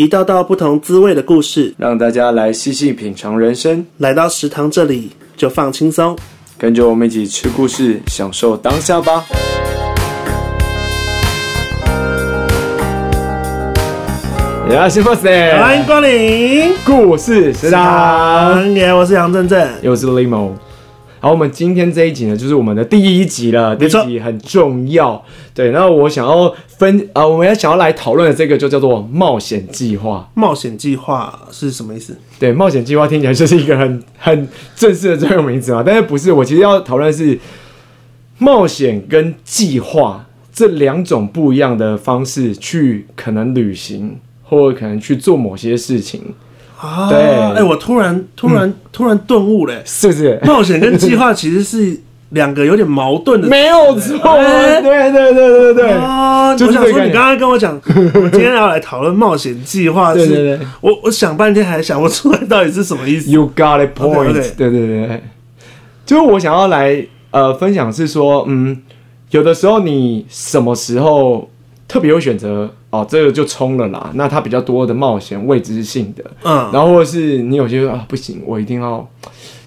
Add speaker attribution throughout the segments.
Speaker 1: 一道道不同滋味的故事，讓大家來細細品嘗人生。來到食堂這裡，就放輕鬆，跟着我們一起吃故事，享受當下吧！呀，いらっしゃいませ！歡迎光臨故事食堂。耶、啊，我是楊震震，又是 Lin Mo 好，我們今天這一集呢，就是我們的第一集了。第一集很重要，對。然後我想要分啊、呃，我們要想要來討論的這個就叫做冒險計劃。冒險計劃是什麼意思？對，冒險計劃聽起來就是一個很很正式的這個名字嘛，但是不是？我其實要討論是冒險跟計劃這兩種不一樣的方式去可能旅行，或者可能去做某些事情。啊！對，哎、欸，我
Speaker 2: 突然突然、嗯、突然頓悟了、欸。
Speaker 1: 是不是？冒險跟計劃其實是兩個有點矛盾的， 沒有錯、欸。對對對對對。啊！就是、我想說，你剛剛
Speaker 2: 跟我講， 我今天要來討論冒險計劃，對對對。
Speaker 1: 我我想半天還想不出來到底是什麼意思。You got a point、啊，對對對對。對對對。就是我想要來呃分享，是說嗯，有的時候你什麼時候。特別會選擇哦，這個就衝了啦。那他比較多的冒險、未知性的，嗯，然後或是你有些啊，不行，我一定要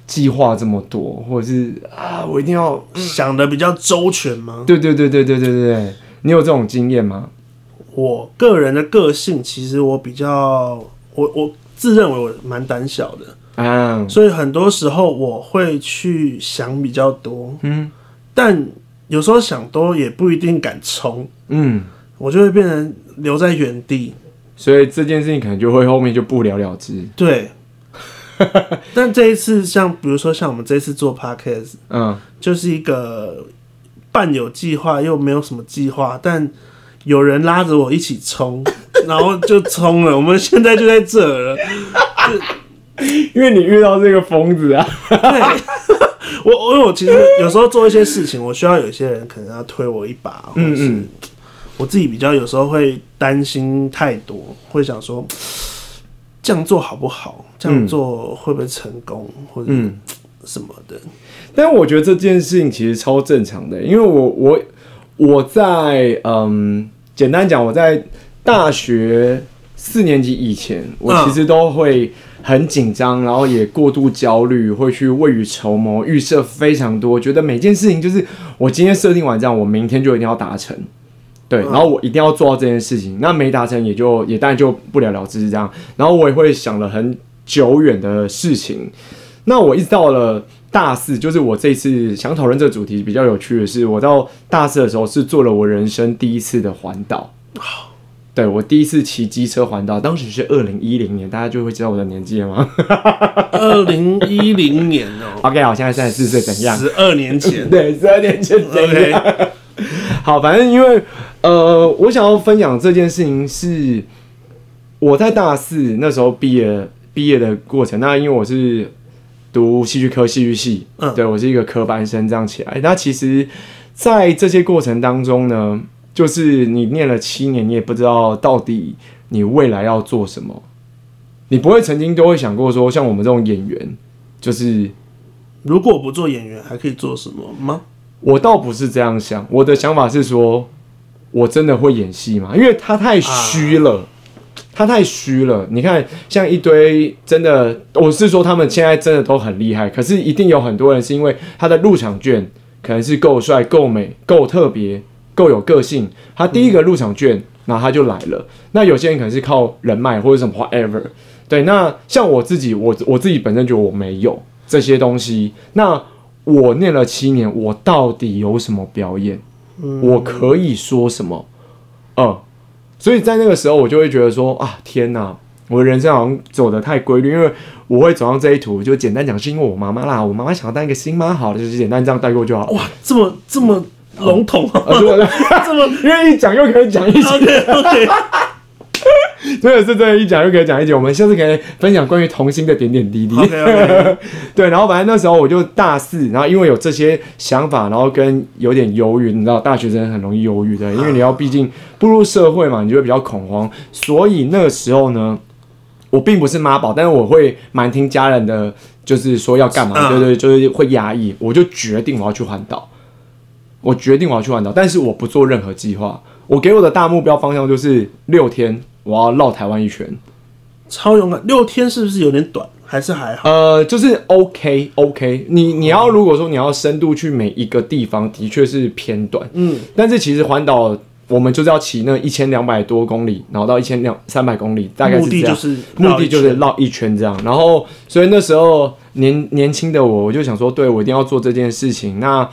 Speaker 1: 計劃這麼多，或者是啊，我一定要想得比較周全嗎？嗯。對對對對對對對，你有這種經驗嗎？
Speaker 2: 我個人的個性其實我比較，我我自認為我蠻膽小的啊。嗯，所以很多時候我會去想比較多，嗯，但有時候想多也不一定敢衝，嗯。我就會變成
Speaker 1: 留在原地，所以這件事情可能就會後面就不了了之。
Speaker 2: 對， 但這一次像比如說像我們這次做 Podcast，嗯，就是一個半有計劃又沒有什麼計劃，但有人拉着我一起衝， 然後就衝了。我們現在就在這兒了， 因為你遇到這個瘋子啊！ 對 我我我其實有時候做一些事情，我需要有一些人可能要推我一把，或是嗯嗯。我自己比較有時候會擔心太多，會想說這樣做好不好？這樣做會不會成功？嗯？或者什麼的？
Speaker 1: 但我覺得這件事情其實超正常的，因為我我我在嗯，簡單講，我在大學四年級以前，我其實都會很緊張，嗯，然後也過度焦慮，會去未雨綢繆，預設非常多，覺得每件事情就是我今天設定完這樣，我明天就一定要達成。對，然後我一定要做到這件事情，嗯、那沒達成也就也當然就不了了之，是這樣。然後我也會想了很久遠的事情。那我一直到了大四，就是我這次想討論這個主題比較有趣的是，我到大四的時候是做了我人生第一次的環島、哦。對，我第一次騎機車環島，當時是二零一零年，大家就會知道我的年紀了嗎？ 二零一零年哦、喔，OK，好，現在三十四歲，怎樣？十二年前，對，十二年前，OK。好，反正因為。呃，我想要分享這件事情是我在大四那時候畢業畢業的過程。那因為我是讀戲劇科戲劇系，嗯，對我是一個科班生這樣起來。那其實，在這些過程當中呢，就是你念了七年，你也不知道到底你未來要做什麼。你不會曾經都會想過說，像我們這種演員，就是如果不做演員還可以做什麼嗎？我倒不是這樣想，我的想法是說。我真的會演戲嗎？因為他太虛了、啊，他太虛了。你看，像一堆真的，我是說，他們現在真的都很厲害。可是，一定有很多人是因為他的入場券可能是夠帥、夠美、夠特別、夠有個性。他第一個入場券，那、嗯、他就來了。那有些人可能是靠人脈或者什麼，whatever。對，那像我自己，我我自己本身覺得我沒有這些東西。那我念了七年，我到底有什麼表演？我可以說什麼？嗯，嗯，所以在那個時候，我就會覺得說啊，天哪，我的人生好像走得太規律，因為我會走上這一途，就簡單講，是因為我媽媽啦，我媽媽想要當一個新媽，好的，就是簡單這樣帶過就好。哇，
Speaker 2: 這麼這麼籠統，
Speaker 1: 這麼願意講又可以講一些。 對，是這樣，一講就可以講一講。我們下次可以分享關於童心的點點滴滴。Okay, okay, okay. 對，然後反正那時候我就大四，然後因為有這些想法，然後跟有點憂鬱。你知道，大學生很容易憂鬱的，因為你要畢竟步入社會嘛，你就會比較恐慌。所以那個時候呢，我並不是媽寶，但是我會蠻聽家人的，就是說要幹嘛，對對對，就是會壓抑，我就決定我要去環島，我決定我要去環島，但是我不做任何計劃，我給我的大目標方向就是六天。我要繞台灣一圈，超勇敢。六天是不是有點短？還是還好？呃，就是 OK OK 你，你你要如果說你要深度去每一個地方，的確是偏短。嗯，但是其實環島我們就是要騎那一千兩百多公里，然後到一千兩三百公里，大概是這樣，目的就是目的就是繞一圈這樣。然後所以那時候年年輕的我，我就想說，對，我一定要做這件事情。那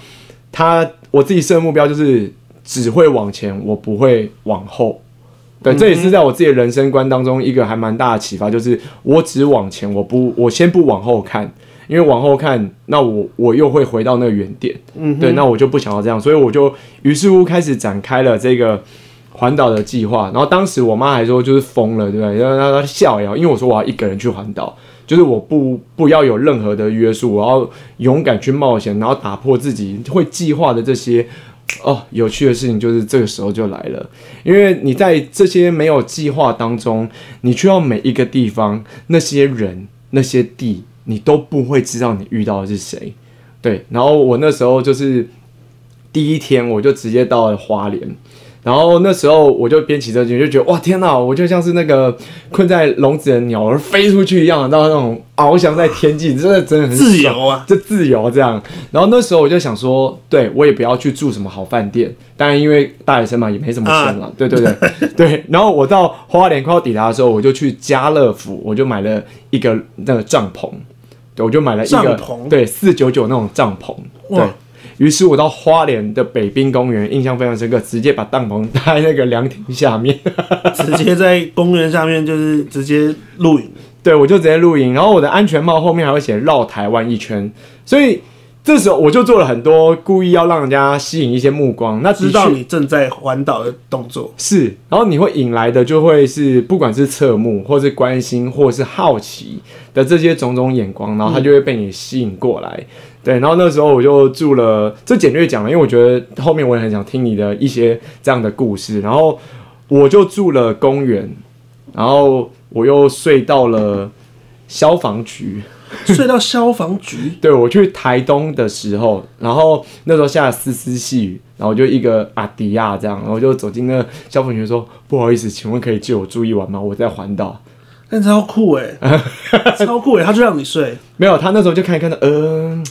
Speaker 1: 他我自己設的目標就是只會往前，我不會往後。對、嗯，這也是在我自己的人生觀當中一個還蠻大的啟發，就是我只往前，我不，我先不往後看，因為往後看，那我我又會回到那個原點。嗯，對，那我就不想要這樣，所以我就於是乎開始展開了這個環島的計劃。然後當時我媽還說就是瘋了，對不對？然後她笑一笑，因為我說我要一個人去環島，就是我不不要有任何的約束，我要勇敢去冒險，然後打破自己會計劃的這些。哦，有趣的事情就是這個時候就來了，因為你在這些沒有計劃當中，你去到每一個地方，那些人、那些地，你都不會知道你遇到的是誰。對，然後我那時候就是第一天，我就直接到了花蓮。然後那時候我就邊騎車去，就覺得哇天哪！我就像是那個困在籠子的鳥兒飛出去一樣，到那種翱翔在天際，真的真的很自由啊！就自由這樣。然後那時候我就想說，對我也不要去住什麼好飯店，當然因為大學生嘛，也沒什麼錢了，啊，對對對 對。然後我到花蓮快要抵達的時候，我就去家樂福，我就買了一個那個帳篷，對，我就買了一個帳篷，對，四九九那種帳篷，對。於是我到花蓮的北濱公園，印象非常深刻，直接把帳篷搭在那個涼亭下面，直接在公園上面就是直接露營。 對我就直接露營，然後我的安全帽後面還會寫繞台灣一圈，所以這時候我就做了很多故意要讓人家吸引一些目光，那知道你
Speaker 2: 正在環島的動作
Speaker 1: 是，然後你會引來的就會是不管是側目或是關心或是好奇的這些種種眼光，然後他就會被你吸引過來。嗯對，然後那時候我就住了，這簡略講了，因為我覺得後面我也很想聽你的一些這樣的故事。然後我就住了公園，然後我又睡到了消防局，睡到消防局。 對，我去台東的時候，然後那時候下絲絲細雨，然後就一個阿迪亞這樣，然後就走進那消防局說：“不好意思，請問可以借我住一晚嗎？我在環島。”
Speaker 2: 那超酷哎， 超酷哎，他就讓你睡，
Speaker 1: 沒有，他那時候就看一看到，嗯、呃。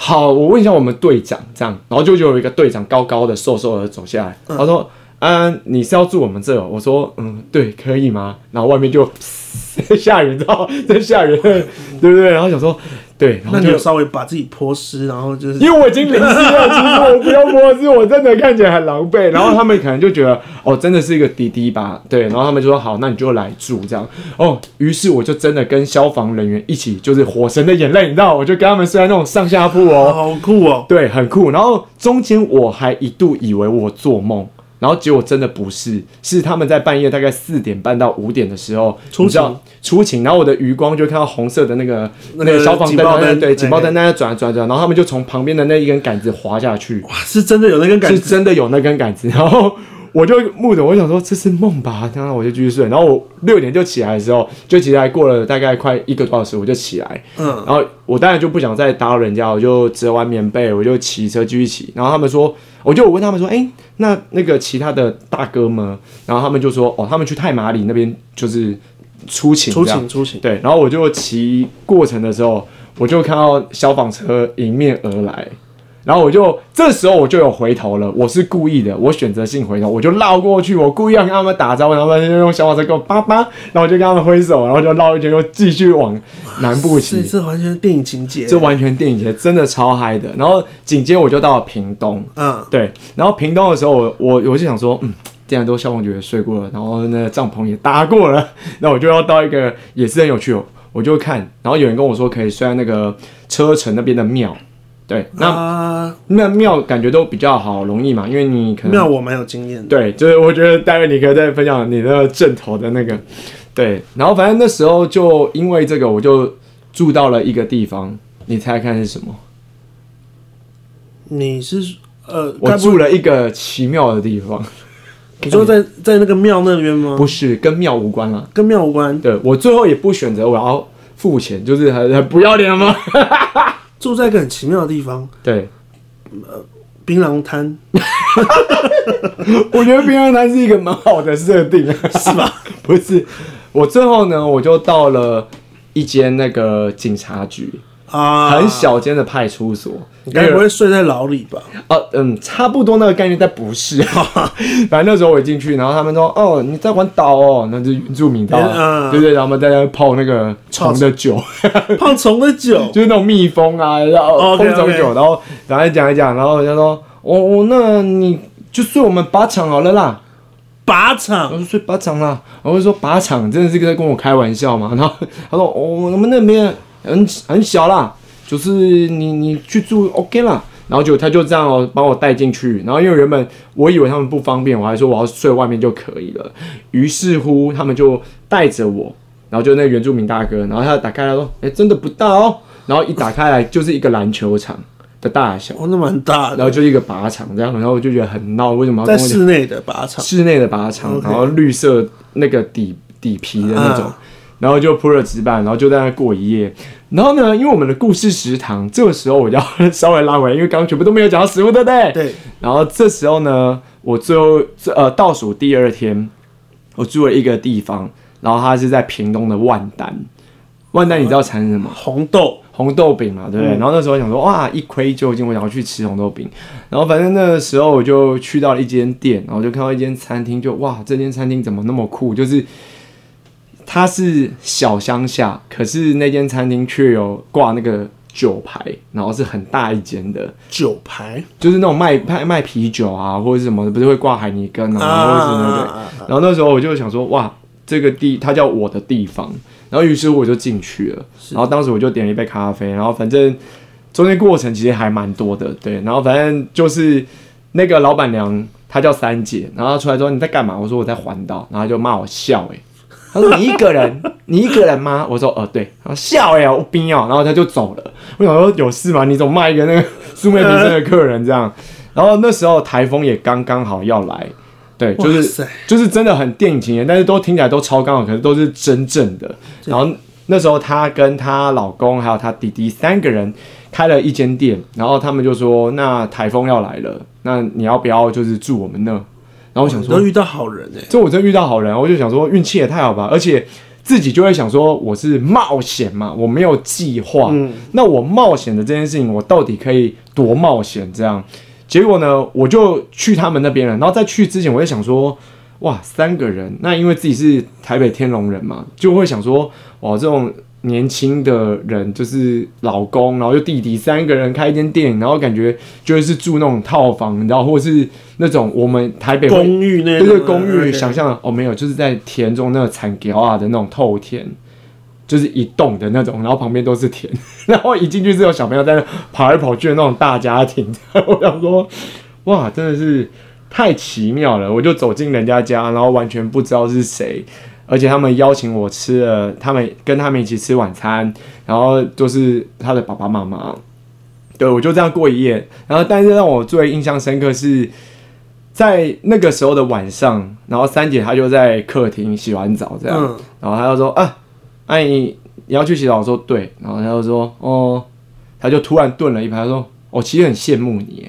Speaker 1: 好，我問一下我們隊長這樣，然後就有一個隊長高高的、瘦瘦的走下來，嗯、他說：“安、啊，你是要住我們這兒？”我說：“嗯，對，可以嗎？”然後外面就嚇人，你知道，真嚇人， 對不對，對？然後想說。對，然後就，那你就稍
Speaker 2: 微把自己潑濕，然後
Speaker 1: 就是因為我已經淋濕了，其實我不用潑濕，我真的看起來很狼狽。然後他們可能就覺得哦，真的是一個滴滴吧？對，然後他們就說好，那你就來住這樣。哦，於是我就真的跟消防人員一起，就是火神的眼淚，你知道，我就跟他們睡在那種上下鋪哦，哦，好酷哦，對，很酷。然後中間我還一度以為我做夢。然後結果真的不是，是他們在半夜大概四點半到五點的時候出警、出警。然後我的餘光就看到紅色的那個那個消防燈，對、那個、警報燈在、okay. 轉轉轉。然後他們就從旁邊的那一根杆子滑下去。哇，是真的有那根杆子？是真的有那根杆子。然後我就目，我想說，這是夢吧，然後我就繼續睡。然後我六點就起來的時候，就起來過了大概快一個多小時，我就起來。嗯，然後我當然就不想再打擾人家，我就折完棉被，我就騎車繼續騎。然後他們說。我就問他們說，哎、欸，那那個其他的大哥們，然後他們就說，哦，他們去太麻里那邊就是出勤，出勤，出勤。對，然後我就騎過程的時候，我就看到消防車迎面而來。然後我就這時候我就有回頭了，我是故意的，我選擇性回頭，我就繞過去，我故意要跟他們打招呼，他們就用消防車給我叭叭，然後我就跟他們揮手，然後就繞一圈，又繼續往南部騎。這
Speaker 2: 完全是電影情
Speaker 1: 節，這完全電影情節，真的超嗨的。然後緊接我就到了屏東，嗯，對。然後屏東的時候，我我我就想說，嗯，既然都消防局睡過了，然後那個帳篷也搭過了，那我就要到一個也是很有趣哦，我就看，然後有人跟我說可以睡在那個車城那邊的廟。對，那、啊、那廟感覺都比較好，容易嘛，因為你可能廟
Speaker 2: 我蠻有經驗的。
Speaker 1: 對，就是我覺得待會你可以再分享你的陣頭的那個，對，然後反正那時候就因為這個，我就住到了一個地方，你猜猜看是什麼？
Speaker 2: 你是呃，我住
Speaker 1: 了一個奇妙的地方， 你說在在那個廟那邊嗎？不是，跟廟無關了，跟廟無關。對，我最後也不選擇我要付錢，就是很很不要臉嗎？ 住在一個很奇妙的地方，對，呃，檳榔攤， 我覺得檳榔攤是一個蠻好的設定， 是吧？ 不是，我最後呢，我就到了一間那個警察局啊，很小間的派出所。你不會睡在牢裡吧？啊，嗯，差不多那個概念，但不是。反正那時候我進去，然後他們說：“哦，你在玩刀哦，那是著名刀，對對，對。”然後我們在那泡那個蟲的酒，泡 蟲的酒， 就是那種蜜蜂啊，然後 okay, okay. 泡蟲酒，然後然後一講一講，然後他說：“哦，我那你就睡我們靶場好了啦，靶場。”我說睡靶場啦，然後我就說靶場真的是在跟我開玩笑嘛。然後他說：“哦，我們那邊很很小啦。”就是你你去住 OK 啦，然後就他就這樣哦，把我帶進去，然後因為原本我以為他們不方便，我還說我要睡外面就可以了。於是乎他們就帶着我，然後就那原住民大哥，然後他打開來說：“哎，真的不大哦。”然後一打開來就是一個籃球場的大小，哦，那麼大。然後就一個靶場這樣，然後我就覺得很鬧，為什麼要在室內的靶場？室內的靶場，okay. 然後綠色那個底底皮的那種。啊然後就鋪了紙板，然後就在那過一夜。然後呢，因為我們的故事食堂，這個時候我就要稍微拉回來，因為剛剛全部都沒有講到食物，對不對？對。然後這時候呢，我最後呃倒數第二天，我住了一個地方，然後它是在屏東的萬丹。萬丹你知道產什麼？嗯，紅豆，紅豆餅嘛，對不對？嗯。然後那時候想說，哇，一窺究竟，我想要去吃紅豆餅。然後反正那個時候我就去到了一間店，然後就看到一間餐廳，就哇，這間餐廳怎麼那麼酷？就是。他是小鄉下，可是那間餐廳卻有掛那個酒牌，然後是很大一間的酒牌，就是那種賣賣賣啤酒啊或者什麼的，不是會掛海尼根啊，啊、那個、啊，然後那時候我就想說，哇，這個地它叫我的地方，然後於是我就進去了，然後當時我就點了一杯咖啡，然後反正中間過程其實還蠻多的，對，然後反正就是那個老板娘她叫三姐，然後她出來之後，你在幹嘛？我說我在環島，然後她就罵我笑、欸，誒。 你一個人？你一個人嗎？我說，哦，對。然後笑誒、欸，我不要。然後他就走了。我想說有事嗎？你怎麼賣一個那個素昧平生的客人這樣？嗯、然後那時候台風也剛剛好要來，對，就是就是真的很電影情節，但是都聽起來都超剛好，可是都是真正的。然後那時候她跟她老公還有她弟弟三個人開了一間店，然後他們就說，那台風要來了，那你要不要就是住我們那？然後我想說都遇到好人哎、欸，這我真的遇到好人，我就想說運氣也太好吧！而且自己就會想說，我是冒險嘛，我沒有計劃、嗯，那我冒險的這件事情，我到底可以多冒險？這樣結果呢，我就去他們那邊了。然後在去之前，我就想說，哇，三個人，那因為自己是台北天龍人嘛，就會想說，哇，這種。年輕的人就是老公，然後就弟弟三個人開一間店，然後感覺就是住那種套房，然後或是那種我們台北公寓，那公寓，就是公寓想象哦，沒有，就是在田中那個產吉瓦的那種透田，就是一棟的那種，然後旁邊都是田，然後一進去是有小朋友在那跑來跑去的那種大家庭。然後我想說，哇，真的是太奇妙了！我就走進人家家，然後完全不知道是誰。而且他們邀請我吃了，他們跟他們一起吃晚餐，然後就是他的爸爸媽媽，對，我就這樣過一夜。然後，但是讓我最印象深刻是在那個時候的晚上，然後三姐她就在客廳洗完澡這樣，嗯、然後她就說：“啊，阿、啊、姨你，你要去洗澡。”我說：“對。”然後她就說：“哦。”她就突然頓了一拍，她說：“我、哦、其實很羨慕你。”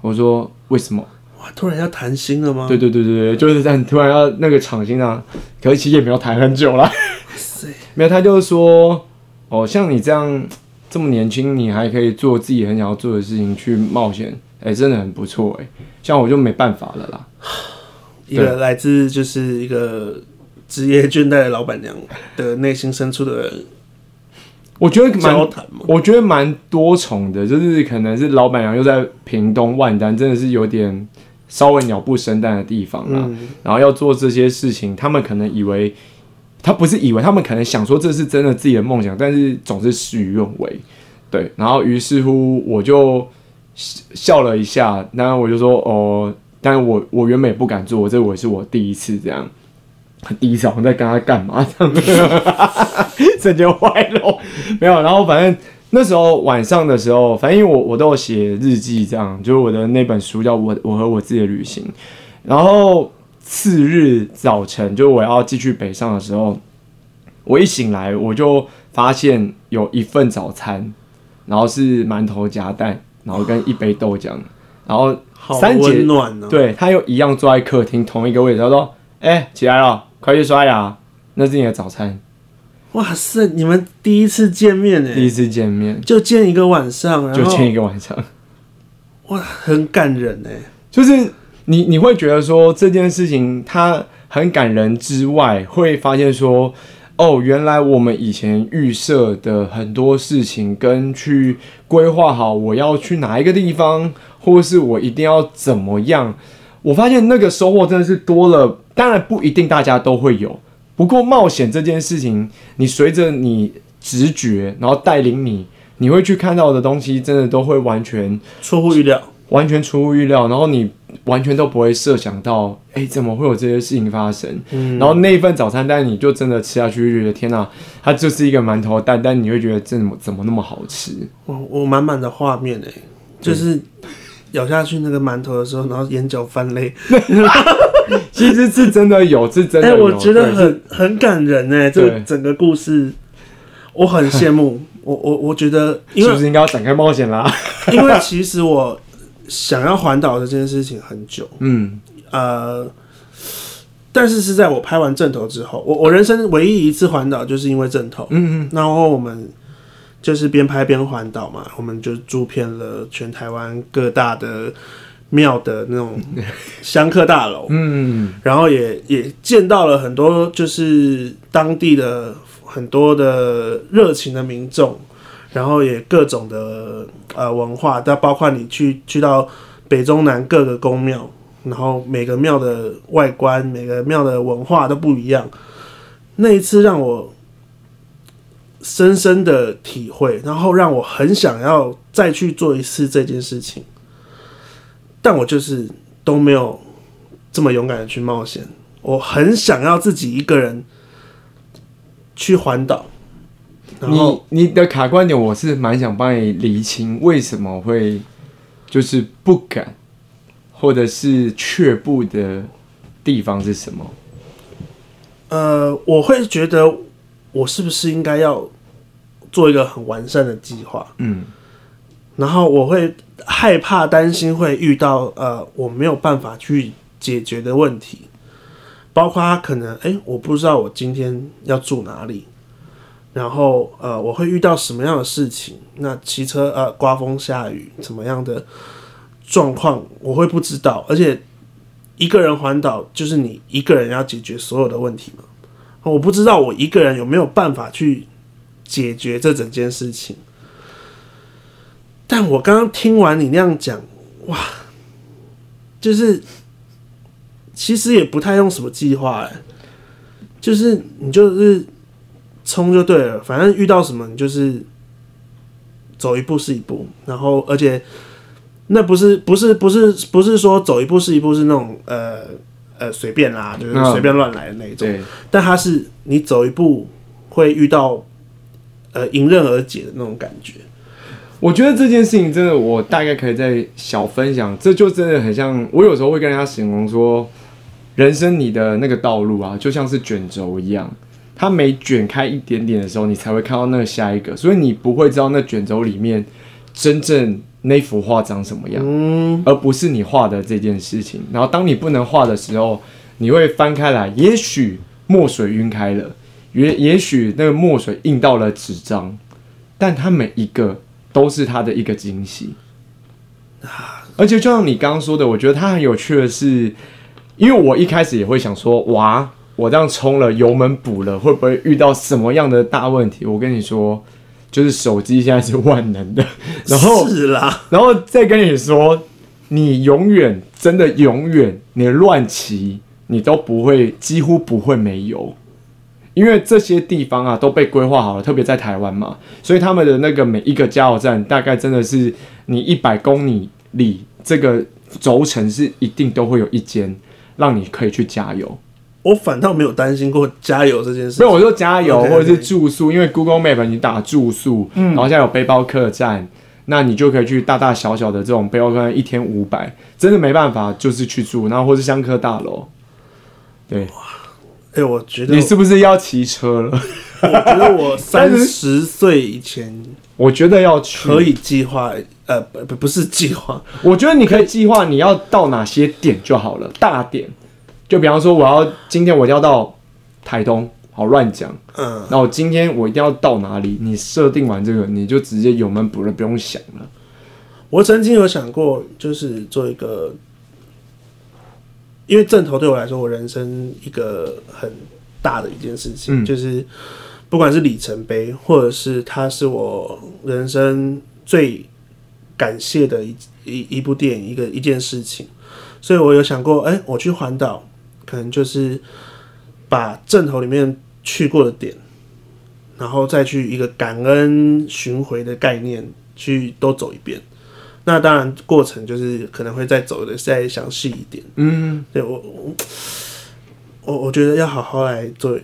Speaker 1: 我說：“為什麼？”
Speaker 2: 哇，突然要談
Speaker 1: 心了嗎？對對對對、嗯、就是在突然要那個場心啊，嗯、可是其實也沒有談很久了。 沒有，他就是說哦，像你這樣這麼年輕，你還可以做自己很想要做的事情去冒險，哎、欸，真的很不錯哎。像我就沒辦法了啦，一個對
Speaker 2: 來自就是一個職業倦怠的老闆娘的內心深處的人， 我覺得蠻
Speaker 1: 我覺得蠻多重的，就是可能是老闆娘又在屏東萬丹，真的是有點。稍微鳥不生蛋的地方啊、嗯，然後要做這些事情，他們可能以為，他不是以為，他們可能想說這是真的自己的夢想，但是總是事與願違，對。然後於是乎我就笑了一下，那我就說哦、呃，但我我原本也不敢做，這我是我第一次這樣，第一次我在跟他幹嘛這樣，瞬間壞了，沒有，然後反正。那時候晚上的時候，反正因為，我我都有寫日記，這樣就是我的那本書叫我《我我和我自己的旅行》。然後次日早晨，就我要繼續北上的時候，我一醒來我就發現有一份早餐，然後是饅頭夾蛋，然後跟一杯豆漿、啊，然後三姐暖了、啊，對，他又一樣坐在客廳同一個位置，他說：“哎、欸，起來了，快去刷牙，那是你的早餐。”
Speaker 2: 哇塞！你們第一次見面哎，第一次
Speaker 1: 見面就
Speaker 2: 見一個晚上
Speaker 1: 啊，就見一個晚上，
Speaker 2: 哇，很感人哎！
Speaker 1: 就是你你會覺得說這件事情它很感人之外，會發現說哦，原來我們以前預設的很多事情，跟去規劃好我要去哪一個地方，或是我一定要怎麼樣，我發現那個收穫真的是多了。當然不一定大家都會有。不過冒險這件事情，你隨着你直覺，然後帶領你，你會去看到的東西，真的都會完全出乎預料，完全出乎預料，然後你完全都不會設想到，哎，怎麼會有這些事情發生？嗯，然後那一份早餐蛋，但你就真的吃下去，就覺得天哪，它就是一個饅頭蛋，但你會覺得這怎麼怎麼那麼好吃？我我滿
Speaker 2: 滿的畫面哎、欸，就是。嗯咬下去那個饅頭的時候，然後眼角泛淚，
Speaker 1: 其實是真的有，是真的有。的、欸。但我覺得很很感人呢，欸，這個、
Speaker 2: 整個故事，我很羨慕。 我我我覺得，是不是應該
Speaker 1: 要展開冒險啦？
Speaker 2: 因為其實我想要環島的這件事情很久，嗯呃，但是是在我拍完陣頭之後，我我人生唯一一次環島就是因為陣頭，嗯嗯，然後我們。就是邊拍邊環島嘛，我們就住遍了全台灣各大的廟的那種香客大樓， 嗯，然後也也見到了很多就是當地的很多的熱情的民眾，然後也各種的呃文化，但包括你去去到北中南各個宮廟，然後每個廟的外觀、每個廟的文化都不一樣。那一次讓我。深深的體會，然後讓我很想要再去做一次這件事情，但我就是都沒有這麼
Speaker 1: 勇敢的去冒險。我很想
Speaker 2: 要自己一個人
Speaker 1: 去環島。你你的卡關點，我是蠻想幫你理清，為什麼會就是不敢，或者是卻步的地方是什麼？
Speaker 2: 呃，我會覺得我是不是應該要，做一個很完善的計劃，嗯，然後我會害怕、擔心會遇到呃，我沒有辦法去解決的問題，包括他可能誒，我不知道我今天要住哪裡，然後呃，我會遇到什麼樣的事情？那騎車呃，颳風下雨怎麼樣的狀況，我會不知道。而且一個人環島，就是你一個人要解決所有的問題嘛。我不知道我一個人有沒有辦法去解決這整件事情，但我剛剛聽完你那樣講，哇，就是其實也不太用什麼計劃，欸，就是你就是衝就對了，反正遇到什麼你就是走一步是一步，然後而且那不是不是不是不是說走一步是一步是那種呃呃隨便啦、啊，就是隨便亂來的那種，但它是你走一步會遇到。
Speaker 1: 呃，迎刃而解的那種感覺。我覺得這件事情真的，我大概可以再小分享。這就真的很像，我有時候會跟人家形容說，人生你的那個道路啊，就像是卷軸一樣，它每卷開一點點的時候，你才會看到那個下一個。所以你不會知道那卷軸裡面真正那幅畫長什麼樣，嗯。而不是你畫的這件事情。然後當你不能畫的時候，你會翻開來，也許墨水暈開了。也也許那個墨水印到了紙張，但它每一個都是他的一個驚喜，而且就像你剛剛說的，我覺得他很有趣的是，因為我一開始也會想說，哇，我這樣衝了油門補了，會不會遇到什麼樣的大問題？我跟你說，就是手機現在是萬能的，然後是啦，然後再跟你說，你永遠真的永遠，你亂騎你都不會，幾乎不會沒油。因為這些地方啊都被規劃好了，特別在台灣嘛，所以他們的那個每一個加油站，大概真的是你一百公里裡這個軸程是一定都會有一間，讓你可以去加油。
Speaker 2: 我反倒沒有擔心過加油這件事情。沒
Speaker 1: 有，我說加油 okay, 或者是住宿，因為 Google Map 你打住宿，嗯、然後現在有背包客棧，那你就可以去大大小小的這種背包客棧，一天五百，真的沒辦法，就是去住，然後或是香客大樓，對。哇
Speaker 2: 哎、欸，我覺得你是
Speaker 1: 不是要騎車了？
Speaker 2: 我覺得我三十
Speaker 1: 歲以前， 我覺得要去可以計劃，呃，不不是計劃，我覺得你可以計劃你要到哪些點就好了，大點，就比方說，我要今天我要到台東，好亂講，嗯，那我今天我一定要到哪裡？你設定完這個，你就直接油門補了，不用想了。
Speaker 2: 我曾經有想過，就是做一個。因為《陣頭》對我來說，我人生一個很大的一件事情、嗯，就是不管是里程碑，或者是它是我人生最感謝的一一一部電影，一個一件事情，所以我有想過，哎、欸，我去環島，可能就是把《陣頭》裡面去過的點，然後再去一個感恩巡回的概念，去都走一遍。那當然，過程就是可能會再走的再詳細一點。嗯，對，我我我我覺得要好好來做。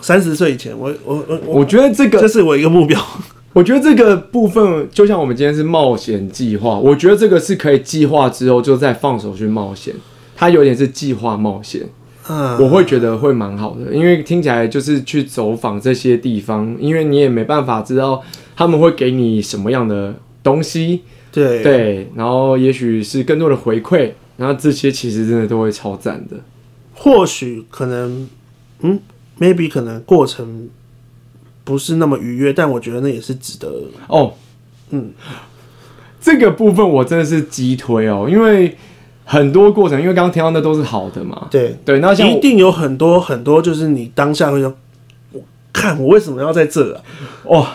Speaker 2: 三十歲以前，我我我我覺
Speaker 1: 得這個這就是我一個目標。我覺得這個部分，就像我們今天是冒險計劃，我覺得這個是可以計劃之後就再放手去冒險。他有點是計劃冒險，嗯，我會覺得會蠻好的，因為聽起來就是去走訪這些地方，因為你也沒辦法知道他們會給你什麼樣的東西。對對、嗯，然後也許是更多的回饋，然後這些其實真的都會超贊的。
Speaker 2: 或許可能，嗯，maybe 可能過程
Speaker 1: 不是那麼愉悅，但我覺得那也是值得的哦。嗯，這個部分我真的是激推哦，因為很多過程，因為剛剛提到那都是好的嘛。對對，那像我一定有很多很多，就是你當下會說我看我為什麼要在這啊？ 哦，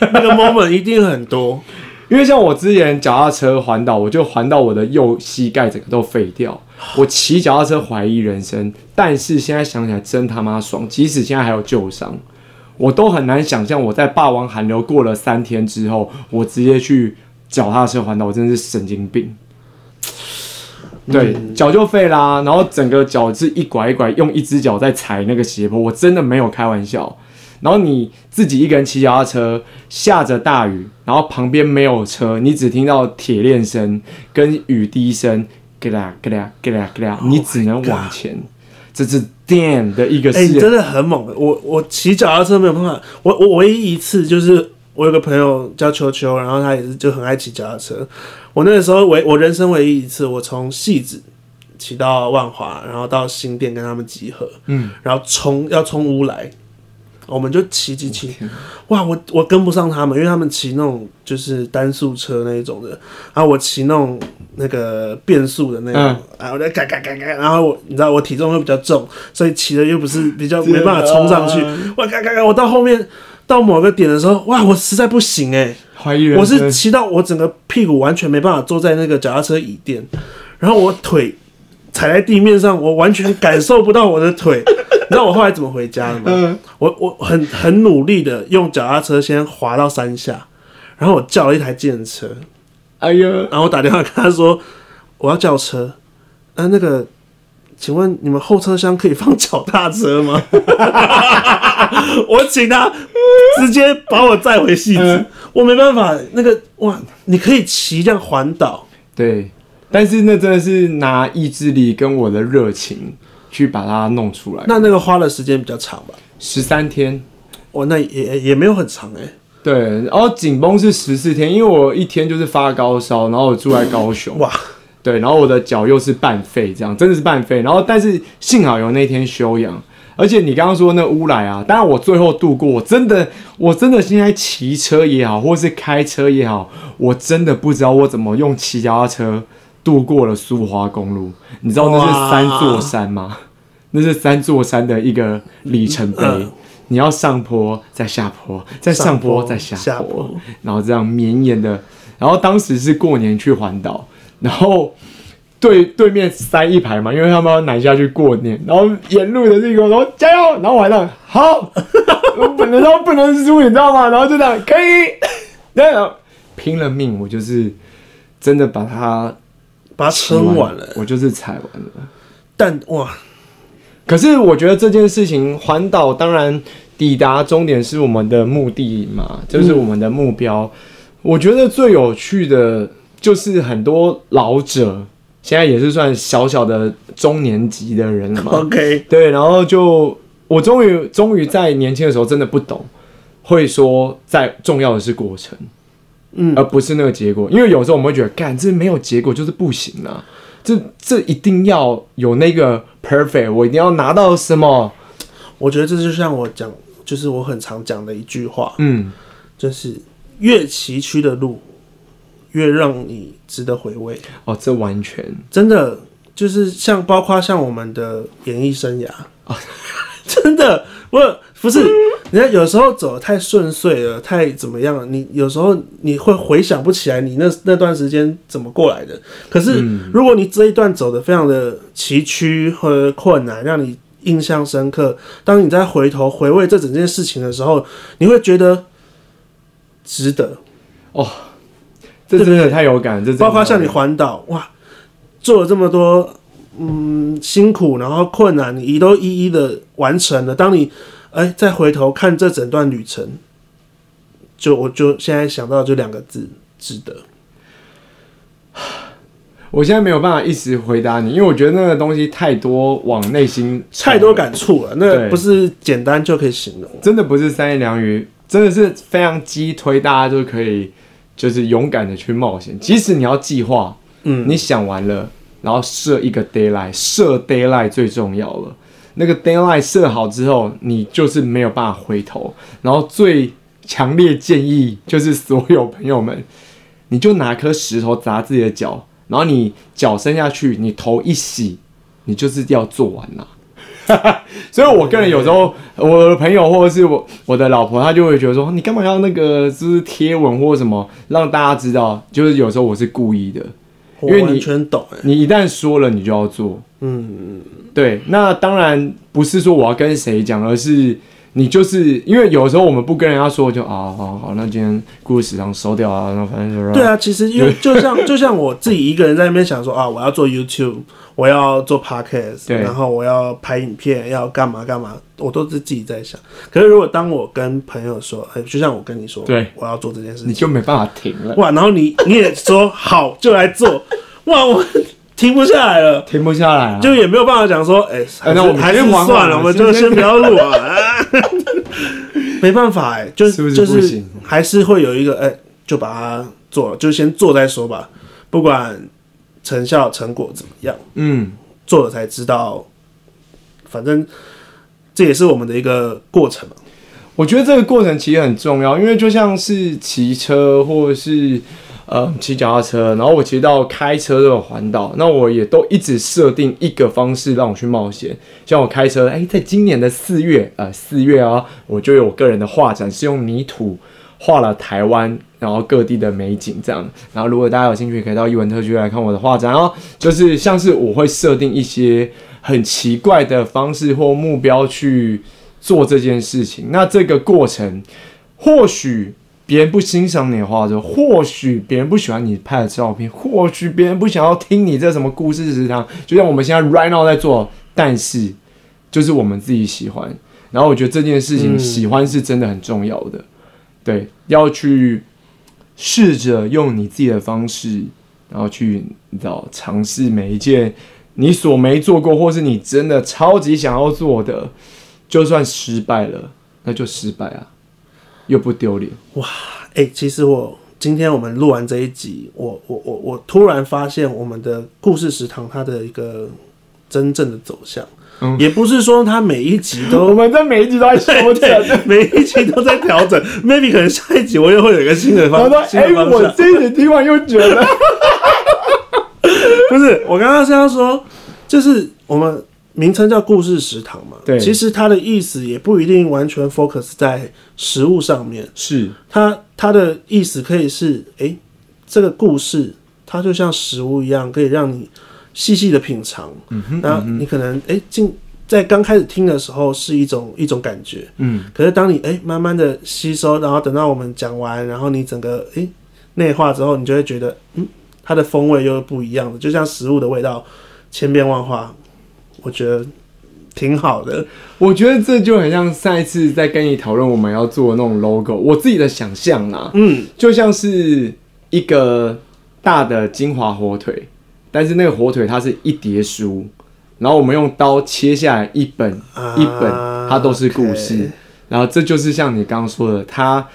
Speaker 1: 那個 moment 一定很多。 因為像我之前腳踏車環島，我就環到我的右膝蓋整個都廢掉。我騎腳踏車懷疑人生，但是現在想起來真他媽爽。即使現在還有舊傷，我都很難想象我在霸王寒流過了三天之後，我直接去腳踏車環島，我真的是神經病。對，腳就廢啦，然後整個腳是一拐一拐，用一隻腳在踩那個斜坡，我真的沒有開玩笑。然後你自己一個人騎腳踏車，下着大雨。然後旁邊沒有車，你只聽到鐵鏈聲跟雨滴聲，嘎啦嘎啦嘎啦嘎啦，你只能往前，oh、這是電的一個世界，欸、真的
Speaker 2: 很猛。我我騎腳踏車沒有辦法，我我唯一一次就是我有個朋友叫球球，然後他也是就很愛騎腳踏車。我那個時候唯我人生唯一一次，我從汐止騎到萬華，然後到新店跟他們集合，嗯，然後衝要衝烏來。我們就騎騎騎，哇！我我跟不上他們，因為他們騎那種就是單速車那一種的，啊，然後我騎那種那個變速的那種，然、嗯、啊，我就嘎嘎嘎嘎，然後我你知道我體重又比較重，所以騎的又不是比較沒辦法衝上去，哇嘎嘎嘎，我到後面到某個點的時候，哇！我實在不行哎、欸，懷疑我是騎到我整個屁股完全沒辦法坐在那個腳踏車椅墊，然後我腿。踩在地面上，我完全感受不到我的腿。 你知道我後來怎麼回家的嗎？Uh -huh. 我我很很努力的用腳踏車先滑到山下，然後我叫了一台計程車。哎呦！然後我打電話跟他說，我要叫車。啊，那個，請問你們後車廂可以放腳踏車嗎？ 我請
Speaker 1: 他直接把我載回戲子。Uh -huh. 我沒辦法，那個哇，你可以騎一輛環島。對。但是那真的是拿意志力跟我的熱情去把它弄出來。那那個花的時間比較長吧？十三天，哦，那也也沒有很長誒。對，然後緊繃是十四天，因為我一天就是發高燒，然後我住在高雄。哇，對，然後我的腳又是半廢這樣，真的是半廢。然後但是幸好有那天休養，而且你剛剛說那屋來啊，當然我最後度過，我真的，我真的現在騎車也好，或是開車也好，我真的不知道我怎麼用騎腳踏車。度過了蘇花公路，你知道那是三座山嗎？那是三座山的一個里程碑、呃。你要上坡，再下坡，再上坡，上坡再下坡,下坡，然後這樣綿延的。然後當時是過年去環島，然後對對面塞一排嘛，因為他們要南下去過年。然後沿路的那個說加油，然後我了。好，我 本來都不能輸，你知道嗎？然後真的可以，然後拼了命，我就是真的把它。把它撐完了，吃完了，我就是踩完了。但哇，可是我覺得這件事情，環島當然抵達終點是我們的目的嘛，就是我們的目標、嗯。我覺得最有趣的就是很多老者，現在也是算小小的中年級的人了嘛。OK，對，然後就我終於終於在年輕的時候真的不懂，會說在重要的是過程。嗯，而不是那個結果，因為有時候我們會覺得，幹這沒有結果就是不行了，啊，這這一定要有那個 perfect，我一定要拿到什麼？我覺得這就像我講，就是我很
Speaker 2: 常講的一句話，嗯，就是越崎嶇的路，越讓你值得回味。哦，這完全真的就是像，包括像我們的演藝生涯，哦真的，我不是，你看有時候走的太順遂了，太怎麼樣了？你有時候你會回想不起來你那那段時間怎麼過來的。可是、嗯、如果你這一段走的非常的崎嶇和困難，讓你印象深刻，當你再回頭回味這整件事情的時候，你會覺得值得。哦，這真
Speaker 1: 的太有感，這包括像你環
Speaker 2: 島，哇，做了這麼多。嗯，辛苦、然後困難，你一都一一的完成了。當你哎，再回頭看這整
Speaker 1: 段旅程，就我就現在想到就兩個字，值得。我現在沒有辦法一直回答你，因為我覺得那個東西太多，往內心太多感觸了。那不是簡單就可以形容，真的不是三言兩語，真的是非常激推大家就可以，就是勇敢的去冒險。即使你要計劃，嗯，你想完了。嗯然後設一個 deadline，設 deadline 最重要了。那個 deadline 設好之後，你就是沒有辦法回頭。然後最強烈建議就是所有朋友們，你就拿顆石頭砸自己的腳，然後你腳伸下去，你頭一洗，你就是要做完了。 所以，我個人有時候我的朋友，或者是我我的老婆，她就會覺得說，你幹嘛要那個就是貼文或什麼讓大家知道？就是有時候我是故意的。.因為你，你一旦說了，你就要做。嗯，對。那當然不是說我要跟誰講，而是。你就是因為有時候我們不跟人家說，就啊，好好，那今天故事上收掉啊，那反正就，對啊。
Speaker 2: 其實因為就像、就是、 就像我自己一個人在那邊想說啊，我要做 YouTube，我要做 Podcast，對，然後我要拍影片，要幹嘛幹嘛，我都是自己在想。可是如果當我跟朋友說，哎，就像我跟你說，對，我要做這件事情，你
Speaker 1: 就沒辦法停了哇。然
Speaker 2: 後你你也說 好就來做哇我。
Speaker 1: 停不下來了，停不下
Speaker 2: 來了，就也沒有辦法講說，哎、欸欸，那我們還是算了，我們就先不要錄了。先先先啊、 沒辦法、欸，哎， 就是，是就是不行，還是會有一個，哎、欸，就把它做了，就先做再說吧，不管成效成果怎麼樣，嗯，做了才知
Speaker 1: 道。反正這也是我們的一個過程嘛。我覺得這個過程其實很重要，因為就像是騎車，或是。呃，騎腳踏車，然後我騎到開車的環島，那我也都一直設定一個方式讓我去冒險。像我開車，哎、欸，在今年的四月，呃，四月啊，我就有我個人的畫展，是用泥土畫了台灣，然後各地的美景這樣。然後如果大家有興趣，可以到藝文特區來看我的畫展哦。就是像是我會設定一些很奇怪的方式或目標去做這件事情，那這個過程或許。別人不欣賞你的話，就或許別人不喜歡你拍的照片，或許別人不想要聽你這什麼故事食堂，就像我們現在 right now 在做。但是，就是我們自己喜歡。然後我覺得這件事情喜歡是真的很重要的。嗯、對，要去試着用你自己的方式，然後去找嘗試每一件你所沒做過，或是你真的超級想要做的，就算失敗了，那就失敗啊。又不丟臉哇！哎、欸，其實我今天我們錄完這一集，
Speaker 2: 我我我我突然發現我們的故事食堂它的一個真正的走向，嗯、也不是說它每一集都我們在每一集都在調整，每一集都在調整。 Maybe 可能下一集我又會有一個新的方新的方式。哎，我
Speaker 1: 這一集聽完又覺得，
Speaker 2: 不是我剛剛是要說，就是我們。名稱叫故事食堂嘛？對，其實它的意思也不一定完全 focus 在食物上面，是它它的意思可以是，誒，這個故事它就像食物一樣，可以讓你細細的品嚐。嗯哼，那你可能、嗯、誒，進在剛開始聽的時候是一種一種感覺，嗯，可是當你誒慢慢的吸收，然後等到我們講完，然後你整個誒內化之後，你就會覺得，嗯，它的風味又是不一樣的，就像食物的味道千變萬化。
Speaker 1: 我覺得挺好的，我覺得這就很像上一次在跟你討論我們要做的那種 logo，我自己的想象啊，嗯，就像是一個大的金華火腿，但是那個火腿它是一疊書，然後我們用刀切下來一本，啊、一本，它都是故事、okay，然後這就是像你剛剛說的，它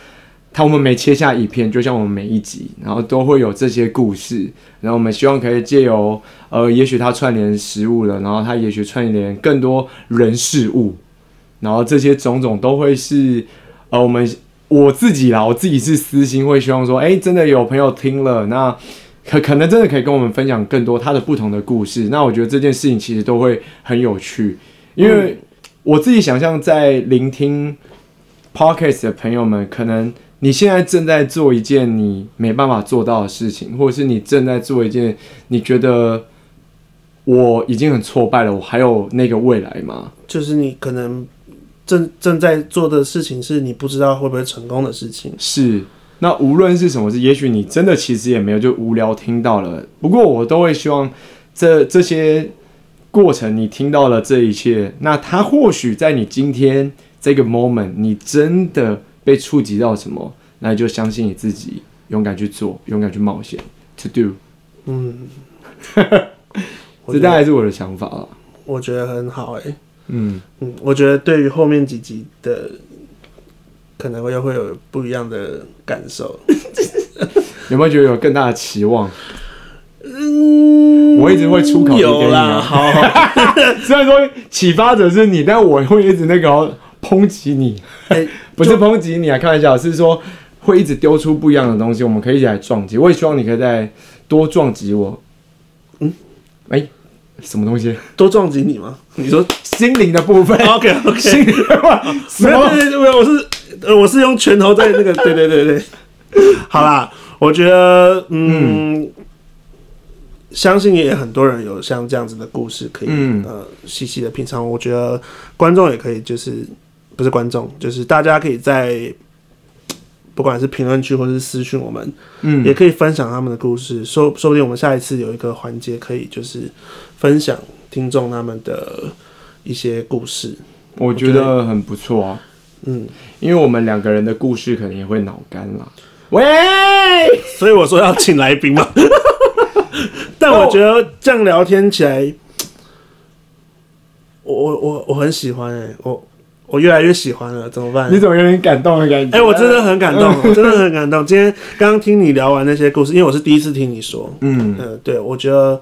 Speaker 1: 它我們每切下一片，就像我們每一集，然後都會有這些故事，然後我們希望可以借由。呃，也許他串聯食物了，然後他也許串聯更多人事物，然後這些種種都會是，呃，我們我自己啦，我自己是私心會希望說，哎、欸，真的有朋友聽了，那可可能真的可以跟我們分享更多他的不同的故事。那我覺得這件事情其實都會很有趣，因為我自己想象在聆聽 podcast 的朋友們，可能你現在正在做一件你沒辦法做到的事情，或者是你正在做一件你覺得。我已經很挫敗了，我還有那個未來嗎？就是你可能正正在做的事情，是你不知道會不會成功的事情。是，那無論是什麼事，也許你真的其實也沒有，就無聊聽到了。不過我都會希望這，這這些過程你聽到了這一切，那他或許在你今天這個 moment，你真的被觸及到什麼，那你就相信你自己，勇敢去做，勇敢去冒險。To do，嗯。 這大概是我的想法了。
Speaker 2: 我覺得很好哎、欸。嗯嗯，我覺得對於後面幾集的，可能會又會有不一樣的感受。
Speaker 1: 有沒有覺得有更大的期望？嗯，我一直會出口有啦，好，好。 雖然說啟發者是你，但我會一直那個抨擊你、欸。不是抨擊你啊，開玩笑，是說會一直丟出不一樣的東西，我們可以一起來撞擊。我也希望你可以再多撞擊我。哎、欸，什麼東西？都撞擊你嗎？你說心靈的部分？OK OK，心靈的
Speaker 2: 什麼？沒
Speaker 1: 有沒有，我是，
Speaker 2: 是我是用拳頭在那個， 對對對對。好啦，我覺得嗯，嗯，相信也很多人有像這樣子的故事可以、嗯、呃細細的品嘗。我覺得觀眾也可以，就是不是觀眾，就是大家可以在。不管是評論區或是私訊我們，嗯，也可以分享他們的故事。說，說不定我們下一次有一個環節可以，就是分享聽眾他們的
Speaker 1: 一些故事。我覺得很不錯啊。嗯，因為我們兩個人的故事可能也會腦乾了。喂，所以我說要請來賓嘛。 但我覺得這樣聊天起來，
Speaker 2: 我我我我很喜歡哎、欸，我。我越來越喜歡了，怎麼辦、啊？你怎
Speaker 1: 麼有點感動的
Speaker 2: 感覺？哎、欸，我真的很感動， 我真的很感動。今天剛剛聽你聊完那些故事，因為我是第一次聽你說。嗯，嗯、呃、對，我覺得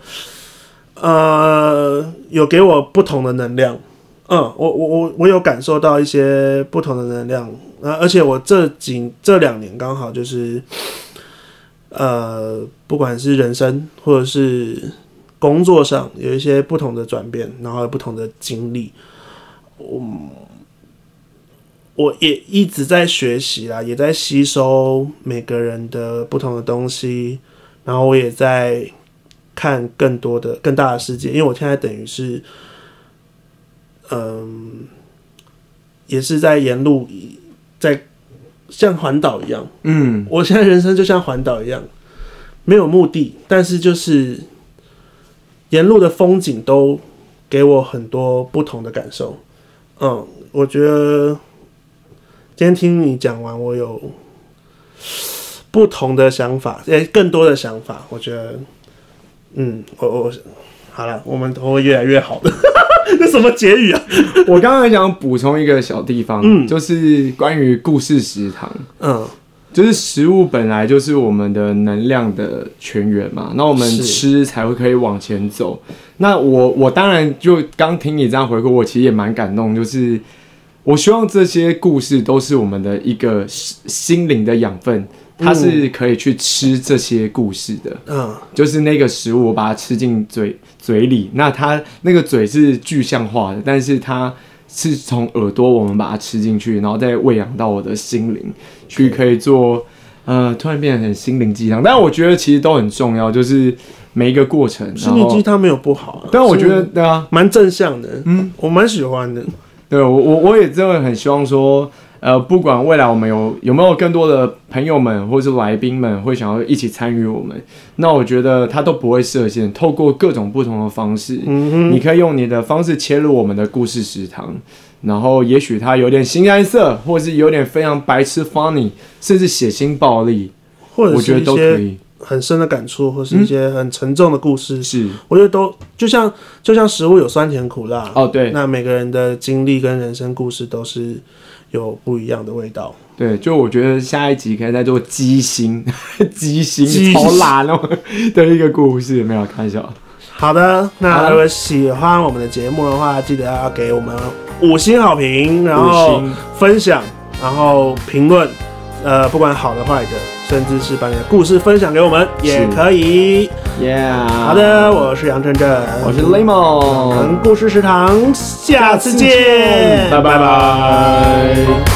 Speaker 2: 呃，有給我不同的能量。嗯、呃，我我我我有感受到一些不同的能量。呃、而且我這幾這兩年剛好就是呃，不管是人生或者是工作上，有一些不同的轉變，然後有不同的經歷。我。我也一直在學習啦，也在吸收每個人的不同的東西，然後我也在看更多的更大的世界。因為我現在等於是，嗯、呃，也是在沿路，在像環島一樣。嗯，我現在人生就像環島一樣，沒有目的，但是就是沿路的風景都給我很多不同的感受。嗯，我覺得。今天聽你講完，我有不同的想法，誒、欸，更多的想法。我覺得，嗯，我我好了，我們
Speaker 1: 都會越來越好的。 那什麼結語啊？我剛剛想補充一個小地方，嗯，就是關於故事食堂，嗯，就是食物本來就是我們的能量的泉源嘛，那我們吃才會可以往前走。那我我當然就剛聽你這樣回顧，我其實也蠻感動，就是。我希望這些故事都是我們的一個心靈的養分，嗯，它是可以去吃這些故事的。嗯，就是那個食物，我把它吃進嘴嘴裡，那它那個嘴是具象化的，但是它是從耳朵我們把它吃進去，然後再餵養到我的心靈去，可以做呃，突然變成很心靈雞湯。但我覺得其實都很重要，就是每一個過程，心靈雞
Speaker 2: 湯沒有不好啊，但我覺得對
Speaker 1: 啊，蠻正向的，嗯，我蠻喜歡的。對，我我我也真的很希望說，呃，不管未來我們有有沒有更多的朋友們或是來賓們會想要一起參與我們，那我覺得他都不會設限，透過各種不同的方式，嗯，你可以用你的方式切入我們的故事食堂，然後也許他有點腥羶色，或是有點非常白痴 funny，甚至血腥暴力，或者是我覺得都可以。很深的感觸，
Speaker 2: 或是一些很沉重的故事，是、嗯、我覺得都就像就像食物有酸甜苦辣哦，對，那每個人的經歷跟人生故事都是有不一樣的味道。
Speaker 1: 對，就我覺得下一集可以再做雞心，雞心好辣哦，都一個故事，沒有看一下。好的，那如果喜歡我們的節目的
Speaker 2: 話，啊、記得要給我們五星好評，然後分享，然後評論，呃，不管好的壞的。甚至是把你的故事分享給我們也可以，
Speaker 1: 耶！Yeah. 好的，
Speaker 2: 我是楊震震，我是 Lin Mo，我們故事食堂，下次見，拜
Speaker 1: 拜拜。Bye bye bye bye bye.